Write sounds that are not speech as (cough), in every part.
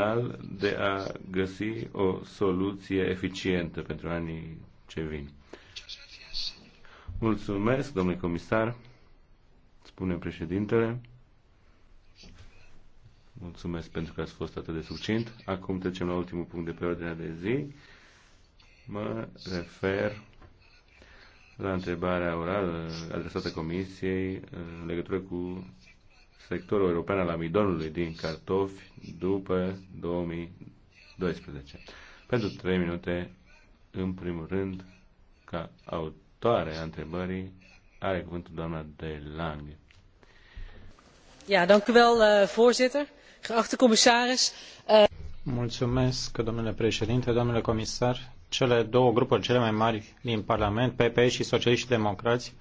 final de a găsi o soluție eficientă pentru anii ce vin. Mulțumesc, domnule comisar, spune președintele. Mulțumesc pentru că ați fost atât de succint. Acum trecem la ultimul punct de pe ordinea de zi. Mă refer la întrebarea orală adresată Comisiei în legătură cu sectorul european al amidonului din cartofi după 2012. Pentru 3 minute, în primul rând, ca autoare a întrebării, are cuvântul doamna De Lang. Ja, dank u wel, eh, voorzitter. Geachte commissaris. Eh, Mulțumesc, domnule președinte, domnule comisar. Cele două grupuri cele mai mari din Parlament, PPE și Socialiști Democrați,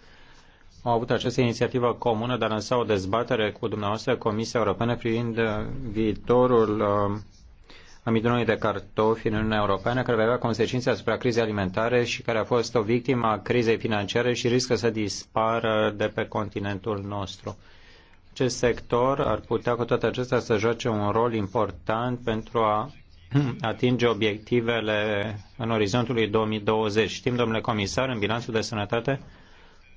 au avut această inițiativă comună de a lansa o dezbatere cu dumneavoastră Comisia Europeană privind viitorul uh, amidonului de cartofi în Uniunea Europeană, care va avea consecințe asupra crizei alimentare și care a fost o victimă a crizei financiare și riscă să dispară de pe continentul nostru. Acest sector ar putea cu toate acestea să joace un rol important pentru a (clears throat) atinge obiectivele în orizontul 2020. Știm, domnule comisar, în bilanțul de sănătate,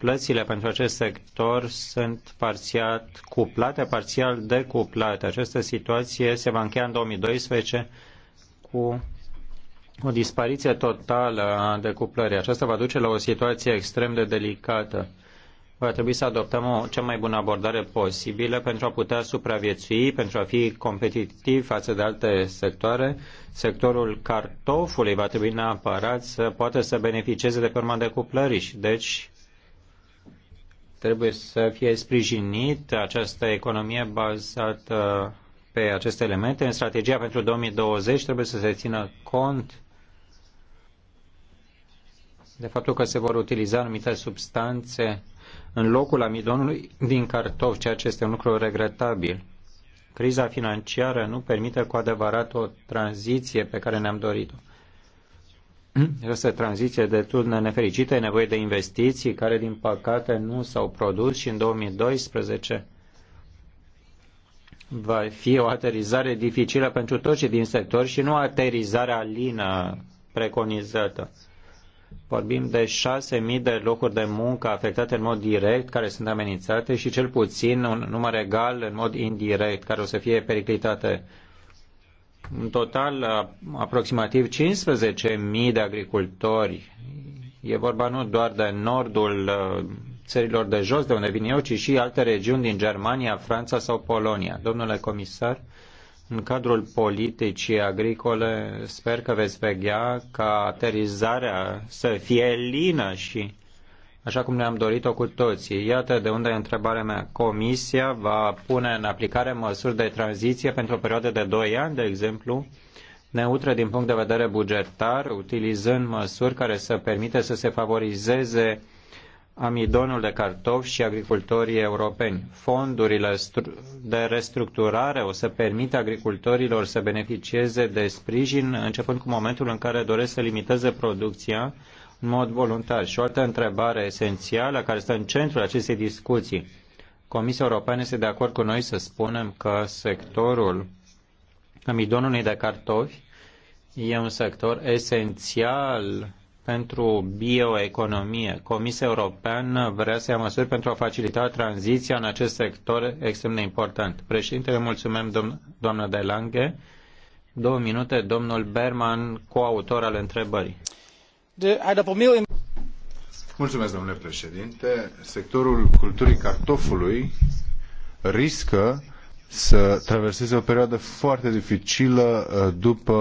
plățile pentru acest sector sunt parțial cuplate, parțial decuplate. Această situație se va încheia în 2012 cu o dispariție totală a decuplării. Aceasta va duce la o situație extrem de delicată. Va trebui să adoptăm o cea mai bună abordare posibilă pentru a putea supraviețui, pentru a fi competitiv față de alte sectoare. Sectorul cartofului va trebui neapărat să poată să beneficieze de pe urma decuplării și deci Trebuie să fie sprijinit această economie bazată pe aceste elemente. În strategia pentru 2020 trebuie să se țină cont de faptul că se vor utiliza anumite substanțe în locul amidonului din cartof, ceea ce este un lucru regretabil. Criza financiară nu permite cu adevărat o tranziție pe care ne-am dorit-o. Mm-hmm. această tranziție de turnă nefericită, e nevoie de investiții care, din păcate, nu s-au produs și în 2012 va fi o aterizare dificilă pentru toți cei din sector și nu aterizarea lină preconizată. Vorbim de 6.000 de locuri de muncă afectate în mod direct, care sunt amenințate și cel puțin un număr egal în mod indirect, care o să fie periclitate în total, aproximativ 15.000 de agricultori. E vorba nu doar de nordul țărilor de jos, de unde vin eu, ci și alte regiuni din Germania, Franța sau Polonia. Domnule comisar, în cadrul politicii agricole, sper că veți veghea ca aterizarea să fie lină și așa cum ne-am dorit-o cu toții. Iată de unde e întrebarea mea. Comisia va pune în aplicare măsuri de tranziție pentru o perioadă de 2 ani, de exemplu, neutră din punct de vedere bugetar, utilizând măsuri care să permite să se favorizeze amidonul de cartofi și agricultorii europeni. Fondurile de restructurare o să permită agricultorilor să beneficieze de sprijin începând cu momentul în care doresc să limiteze producția în mod voluntar. Și o altă întrebare esențială care stă în centrul acestei discuții. Comisia Europeană este de acord cu noi să spunem că sectorul amidonului de cartofi e un sector esențial pentru bioeconomie. Comisia Europeană vrea să ia măsuri pentru a facilita tranziția în acest sector extrem de important. Președintele, mulțumim domn- doamna de Lange. Două minute, domnul Berman, coautor al întrebării de aeropormil Mulțumesc, domnule președinte. Sectorul culturii cartofului riscă să traverseze o perioadă foarte dificilă uh, după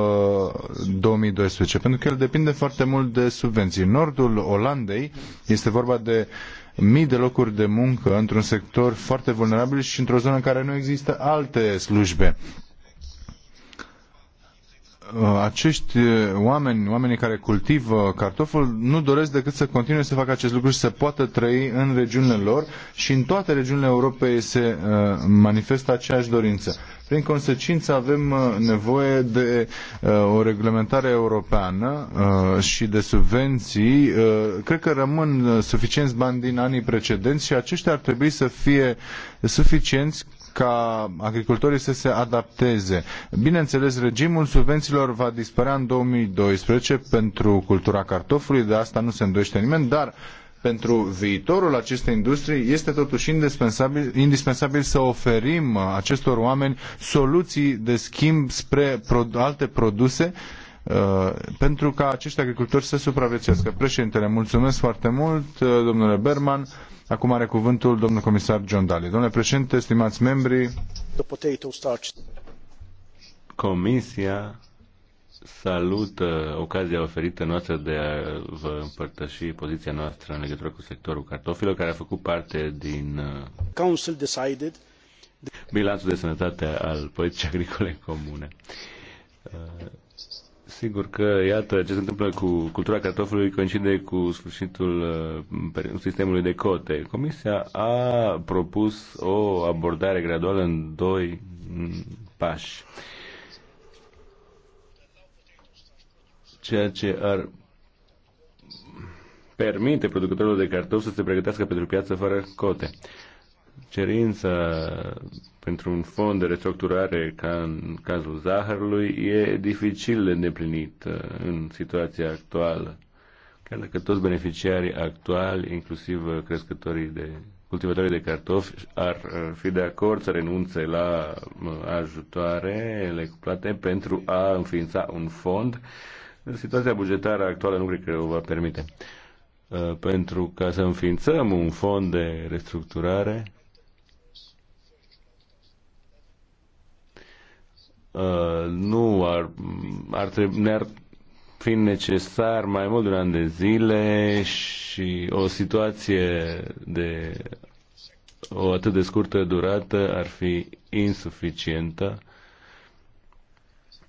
2012, pentru că el depinde foarte mult de subvenții. Nordul Olandei este vorba de mii de locuri de muncă într-un sector foarte vulnerabil și într-o zonă în care nu există alte slujbe. Uh, acești uh, oameni, oamenii care cultivă cartoful, nu doresc decât să continue să facă acest lucru și să poată trăi în regiunile lor și în toate regiunile Europei se uh, manifestă aceeași dorință. Prin consecință avem nevoie de o reglementare europeană și de subvenții. Cred că rămân suficienți bani din anii precedenți și aceștia ar trebui să fie suficienți ca agricultorii să se adapteze. Bineînțeles, regimul subvențiilor va dispărea în 2012 pentru cultura cartofului, de asta nu se îndoiește nimeni, dar pentru viitorul acestei industrii este totuși indispensabil, indispensabil să oferim acestor oameni soluții de schimb spre alte produse uh, Uh, pentru ca acești agricultori să supraviețuiască. Președintele, mulțumesc foarte mult, uh, domnule Berman. Acum are cuvântul domnul comisar John Daly. Domnule președinte, stimați membri, Comisia salută ocazia oferită noastră de a vă împărtăși poziția noastră în legătură cu sectorul cartofilor, care a făcut parte din uh, Council decided... bilanțul de sănătate al politicii agricole comune. Sigur că, iată, ce se întâmplă cu cultura cartofului coincide cu sfârșitul uh, sistemului de cote. Comisia a propus o abordare graduală în doi mm, pași. Ceea ce ar permite producătorilor de cartofi să se pregătească pentru piață fără cote. Uh, cerința pentru un fond de restructurare ca în cazul zahărului e dificil de îndeplinit uh, în situația actuală. Chiar dacă toți beneficiarii actuali, inclusiv uh, crescătorii de cultivatorii de cartofi ar uh, fi de acord să renunțe la ajutoarele cuplate pentru a înființa un fond. Situația bugetară actuală nu cred că o va permite. Pentru ca să înființăm un fond de restructurare, Uh, nu ar, ar trebui, ne-ar fi necesar mai mult de un an de zile și o situație de o atât de scurtă durată ar fi insuficientă.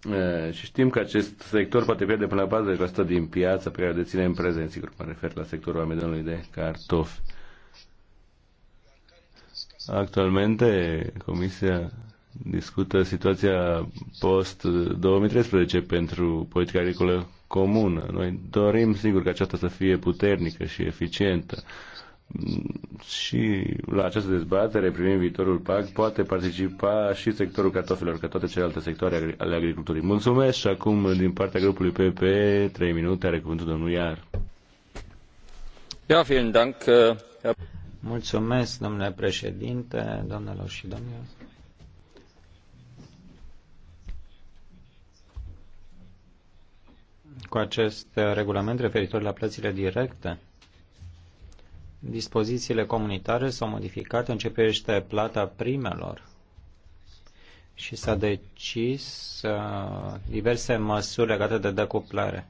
Uh, și știm că acest sector poate pierde până la 40% din piața pe care o deține în prezent, sigur, mă refer la sectorul amedonului de cartofi. Actualmente, Comisia discută situația post-2013 pentru politica agricolă comună. Noi dorim, sigur, că aceasta să fie puternică și eficientă. Și la această dezbatere privind viitorul PAC poate participa și sectorul cartofilor, ca toate celelalte sectoare ale agriculturii. Mulțumesc și acum din partea grupului PP, 3 minute, are cuvântul domnul Iar. Ja, vielen Dank. Äh, Mulțumesc, domnule președinte, domnilor și domnilor. cu acest uh, regulament referitor la plățile directe, dispozițiile comunitare s-au modificat în ce privește plata primelor și s-a decis uh, diverse măsuri legate de decuplare.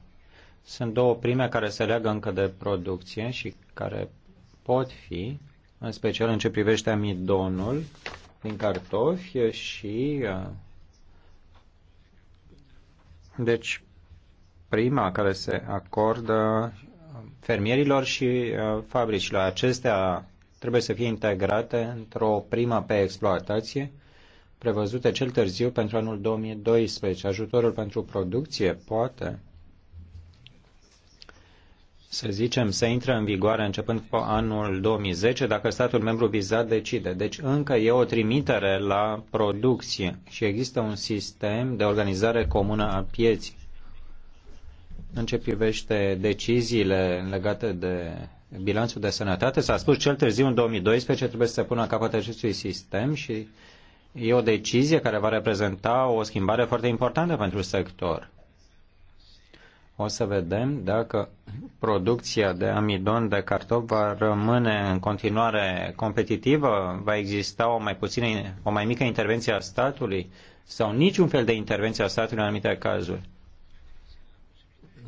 Sunt două prime care se leagă încă de producție și care pot fi, în special în ce privește amidonul din cartofi și uh, deci prima care se acordă fermierilor și uh, fabricilor. Acestea trebuie să fie integrate într-o primă pe exploatație prevăzute cel târziu pentru anul 2012. Ajutorul pentru producție poate, să zicem, să intre în vigoare începând cu anul 2010 dacă statul membru vizat decide. Deci încă e o trimitere la producție și există un sistem de organizare comună a pieții în ce privește deciziile legate de bilanțul de sănătate, s-a spus cel târziu în 2012 trebuie să se pună capăt acestui sistem și e o decizie care va reprezenta o schimbare foarte importantă pentru sector. O să vedem dacă producția de amidon de cartof va rămâne în continuare competitivă, va exista o mai, puțină, o mai mică intervenție a statului sau niciun fel de intervenție a statului în anumite cazuri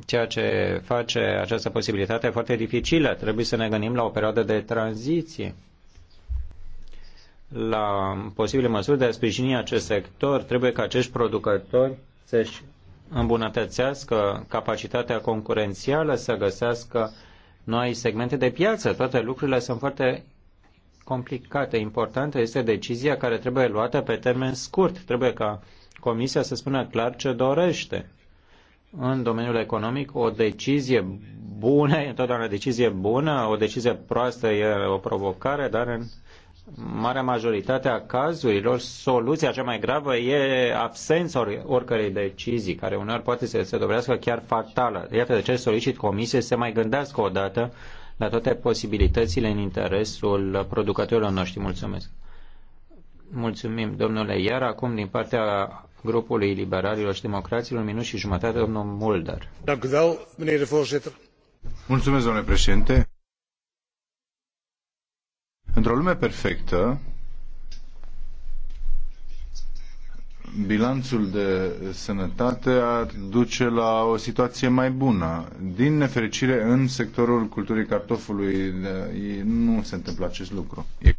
ceea ce face această posibilitate foarte dificilă. Trebuie să ne gândim la o perioadă de tranziție, la posibile măsuri de a sprijini acest sector. Trebuie ca acești producători să-și îmbunătățească capacitatea concurențială, să găsească noi segmente de piață. Toate lucrurile sunt foarte complicate. Importantă este decizia care trebuie luată pe termen scurt. Trebuie ca Comisia să spună clar ce dorește în domeniul economic, o decizie bună e întotdeauna o decizie bună, o decizie proastă e o provocare, dar în marea majoritate a cazurilor, soluția cea mai gravă e absența or- oricărei decizii, care uneori poate să se dovedească chiar fatală. Iată de ce solicit comisie să mai gândească o dată la toate posibilitățile în interesul producătorilor noștri. Mulțumesc! Mulțumim, domnule Iar. Acum, din partea grupului liberalilor și democraților, un minut și jumătate, domnul Mulder. Mulțumesc, domnule președinte. Într-o lume perfectă, bilanțul de sănătate ar duce la o situație mai bună. Din nefericire, în sectorul culturii cartofului nu se întâmplă acest lucru. E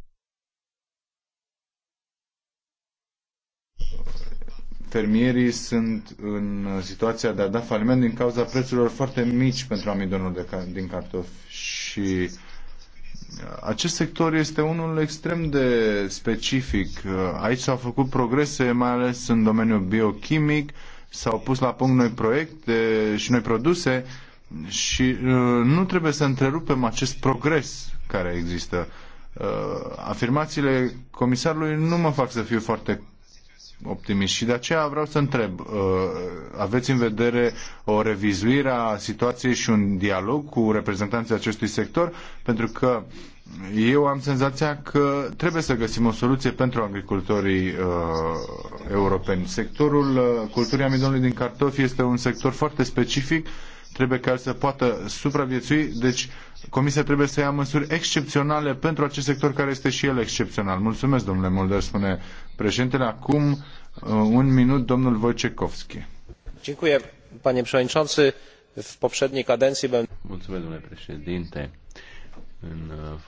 fermierii sunt în situația de a da faliment din cauza prețurilor foarte mici pentru amidonul de ca- din cartofi și uh, acest sector este unul extrem de specific. Uh, aici s-au făcut progrese, mai ales în domeniul biochimic, s-au pus la punct noi proiecte și noi produse și uh, nu trebuie să întrerupem acest progres care există. Afirmațiile comisarului nu mă fac să fiu foarte optimist și de aceea vreau să întreb, uh, aveți în vedere o revizuire a situației și un dialog cu reprezentanții acestui sector? Pentru că eu am senzația că trebuie să găsim o soluție pentru agricultorii uh, europeni. Sectorul uh, culturii amidonului din cartofi este un sector foarte specific, trebuie ca el să poată supraviețui, deci Comisia trebuie să ia măsuri excepționale pentru acest sector care este și el excepțional. Mulțumesc, domnule Mulder, spune președintele. Acum uh, un minut, domnul Wojciechowski. Dziękuję, panie przewodniczący. W poprzedniej kadencji... Mulțumesc, domnule președinte. În uh,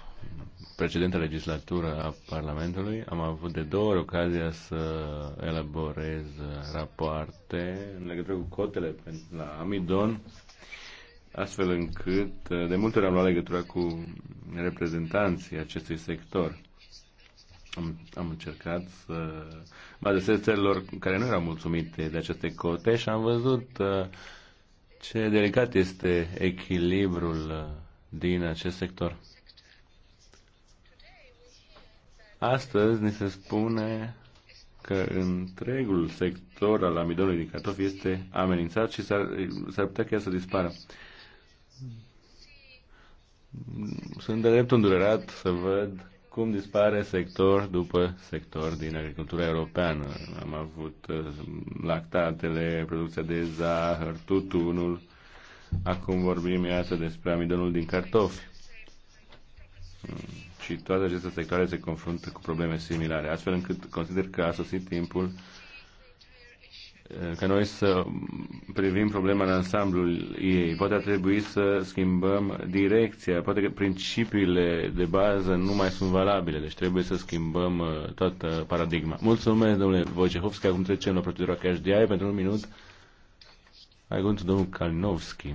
precedentă legislatură a Parlamentului am avut de două ori ocazia să elaborez rapoarte în legătură cu cotele la amidon astfel încât uh, de multe ori am luat legătura cu reprezentanții acestui sector. Am, am încercat să mă adresez țărilor care nu erau mulțumite de aceste cote și am văzut uh, ce delicat este echilibrul uh, din acest sector. Astăzi ni se spune că întregul sector al amidonului de cartofi este amenințat și s-ar, s-ar putea chiar să dispară. Uh, sunt de drept îndurerat să văd cum dispare sector după sector din agricultura europeană. Am avut uh, lactatele, producția de zahăr, tutunul. Acum vorbim, iată, despre amidonul din cartofi. Și toate aceste sectoare se confruntă cu probleme similare, astfel încât consider că a sosit timpul ca noi să privim problema în ansamblul ei. Poate ar trebui să schimbăm direcția, poate că principiile de bază nu mai sunt valabile, deci trebuie să schimbăm uh, toată paradigma. Mulțumesc, domnule Wojciechowski, acum trecem la procedura cash de pentru un minut. Ai cuvântul domnul Kalinowski.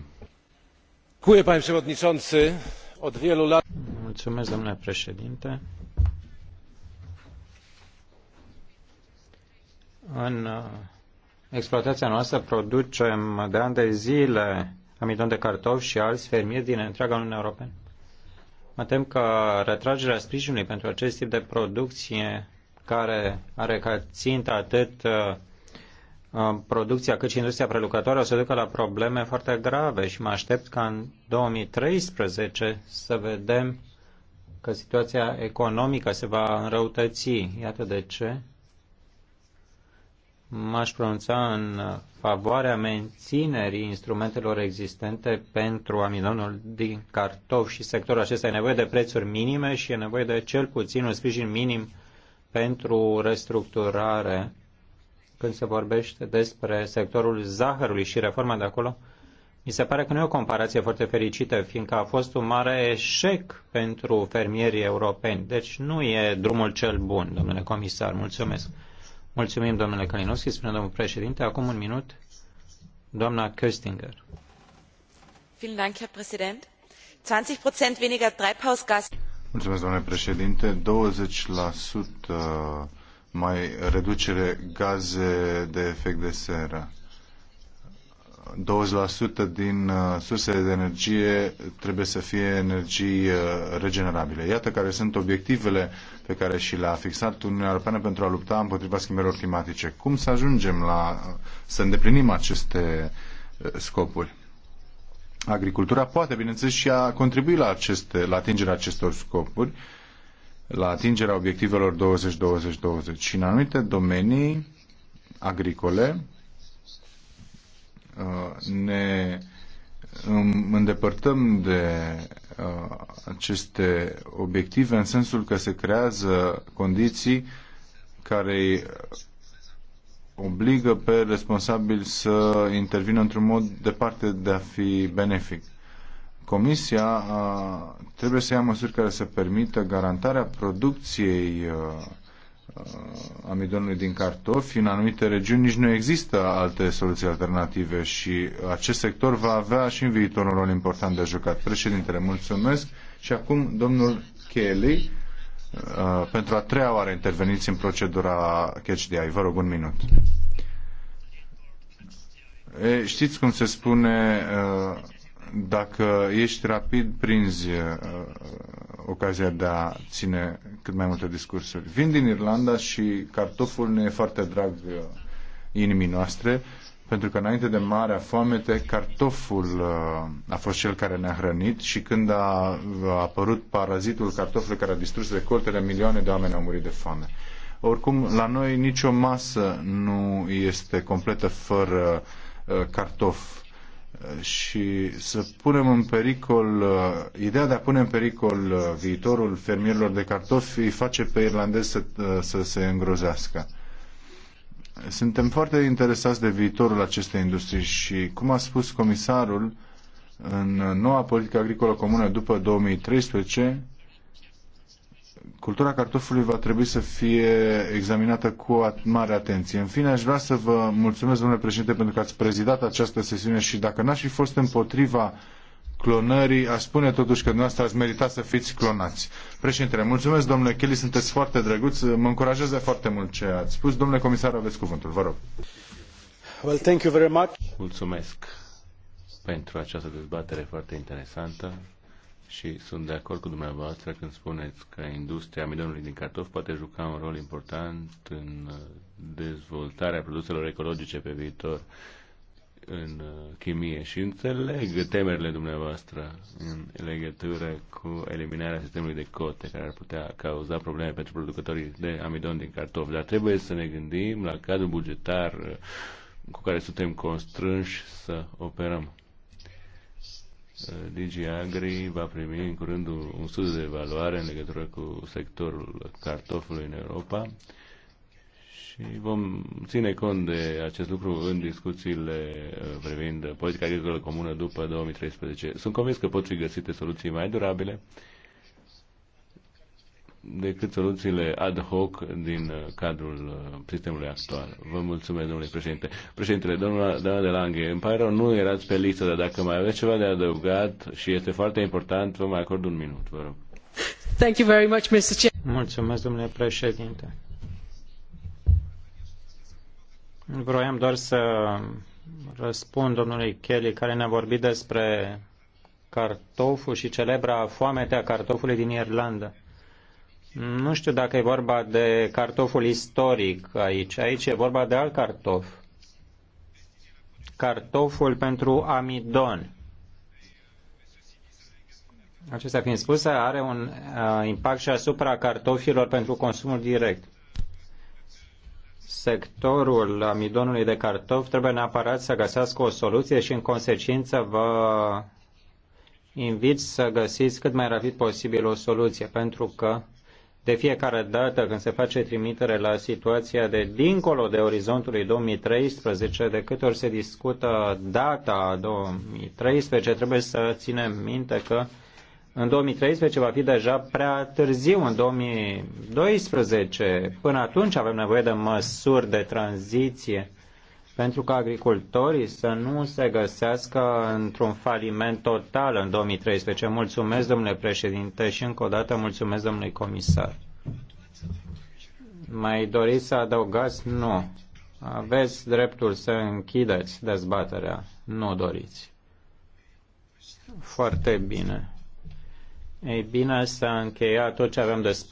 Cuie, pani przewodniczący. Od wielu lat... Mulțumesc, domnule președinte. În uh, exploatația noastră producem de ani de zile amidon de cartofi și alți fermieri din întreaga Uniune Europeană. Mă tem că retragerea sprijinului pentru acest tip de producție care are ca țintă atât uh, uh, producția cât și industria prelucrătoare o să ducă la probleme foarte grave și mă aștept ca în 2013 să vedem că situația economică se va înrăutăți. Iată de ce m-aș pronunța în favoarea menținerii instrumentelor existente pentru aminonul din cartof și sectorul acesta. E nevoie de prețuri minime și e nevoie de cel puțin un sprijin minim pentru restructurare când se vorbește despre sectorul zahărului și reforma de acolo. Mi se pare că nu e o comparație foarte fericită, fiindcă a fost un mare eșec pentru fermierii europeni. Deci nu e drumul cel bun, domnule comisar. Mulțumesc. Mulțumim, domnule Kalinowski, spune domnul președinte. Acum un minut, doamna Köstinger. Vielen Dank, Herr Präsident. 20% weniger Treibhausgas. Mulțumesc, domnule președinte. 20% mai reducere gaze de efect de seră 20% din uh, sursele de energie trebuie să fie energii uh, regenerabile. Iată care sunt obiectivele pe care și le-a fixat Uniunea Europeană pentru a lupta împotriva schimbărilor climatice. Cum să ajungem la să îndeplinim aceste uh, scopuri? Agricultura poate, bineînțeles, și a contribui la, aceste, la atingerea acestor scopuri, la atingerea obiectivelor 20-20-20. Și în anumite domenii agricole, Uh, ne um, îndepărtăm de uh, aceste obiective în sensul că se creează condiții care obligă pe responsabil să intervină într-un mod departe de a fi benefic. Comisia uh, trebuie să ia măsuri care să permită garantarea producției Uh, amidonului din cartofi, în anumite regiuni nici nu există alte soluții alternative și acest sector va avea și în viitor un rol important de jucat. Președintele, mulțumesc și acum domnul Kelly uh, pentru a treia oară interveniți în procedura catch de Vă rog un minut. E, știți cum se spune uh, dacă ești rapid, prinzi ocazia de a ține cât mai multe discursuri. Vin din Irlanda și cartoful ne e foarte drag uh, inimii noastre, pentru că înainte de marea foamete, cartoful uh, a fost cel care ne-a hrănit și când a apărut parazitul cartofului care a distrus recoltele, milioane de oameni au murit de foame. Oricum, la noi nicio masă nu este completă fără uh, cartof și să punem în pericol, uh, ideea de a pune în pericol uh, viitorul fermierilor de cartofi îi face pe irlandezi să, uh, să se îngrozească. Suntem foarte interesați de viitorul acestei industrii și, cum a spus comisarul, în noua politică agricolă comună după 2013, cultura cartofului va trebui să fie examinată cu mare atenție. În fine, aș vrea să vă mulțumesc, domnule președinte, pentru că ați prezidat această sesiune și dacă n-aș fi fost împotriva clonării, aș spune totuși că dumneavoastră ați merita să fiți clonați. Președintele, mulțumesc, domnule Kelly, sunteți foarte drăguț, mă încurajează foarte mult ce ați spus. Domnule comisar, aveți cuvântul, vă rog. Well, thank you very much. Mulțumesc pentru această dezbatere foarte interesantă și sunt de acord cu dumneavoastră când spuneți că industria midonului din cartof poate juca un rol important în uh, dezvoltarea produselor ecologice pe viitor în uh, chimie și înțeleg temerile dumneavoastră în legătură cu eliminarea sistemului de cote care ar putea cauza probleme pentru producătorii de amidon din cartof, dar trebuie să ne gândim la cadrul bugetar uh, cu care suntem constrânși să operăm DG Agri va primi în curând un studiu de evaluare în legătură cu sectorul cartofului în Europa și vom ține cont de acest lucru în discuțiile uh, privind politica agricolă comună după 2013. Sunt convins că pot fi găsite soluții mai durabile decât soluțiile ad hoc din uh, cadrul uh, sistemului actual. Vă mulțumesc, domnule președinte. Președintele, domnul Dana de Lange, îmi pare rău, nu erați pe listă, dar dacă mai aveți ceva de adăugat și este foarte important, vă mai acord un minut, vă rog. Thank you very much, Mr. Chair. Mulțumesc, domnule președinte. Vroiam doar să răspund domnului Kelly, care ne-a vorbit despre cartoful și celebra a cartofului din Irlanda. Nu știu dacă e vorba de cartoful istoric aici. Aici e vorba de alt cartof. Cartoful pentru amidon. Acestea fiind spuse, are un uh, impact și asupra cartofilor pentru consumul direct. Sectorul amidonului de cartof trebuie neapărat să găsească o soluție și în consecință vă invit să găsiți cât mai rapid posibil o soluție, pentru că de fiecare dată când se face trimitere la situația de dincolo de orizontului 2013, de câte ori se discută data 2013, trebuie să ținem minte că în 2013 va fi deja prea târziu, în 2012. Până atunci avem nevoie de măsuri de tranziție pentru ca agricultorii să nu se găsească într-un faliment total în 2013. Mulțumesc, domnule președinte, și încă o dată mulțumesc, domnule comisar. Mai doriți să adăugați? Nu. Aveți dreptul să închideți dezbaterea. Nu doriți. Foarte bine. Ei bine, s-a încheiat tot ce avem de spus.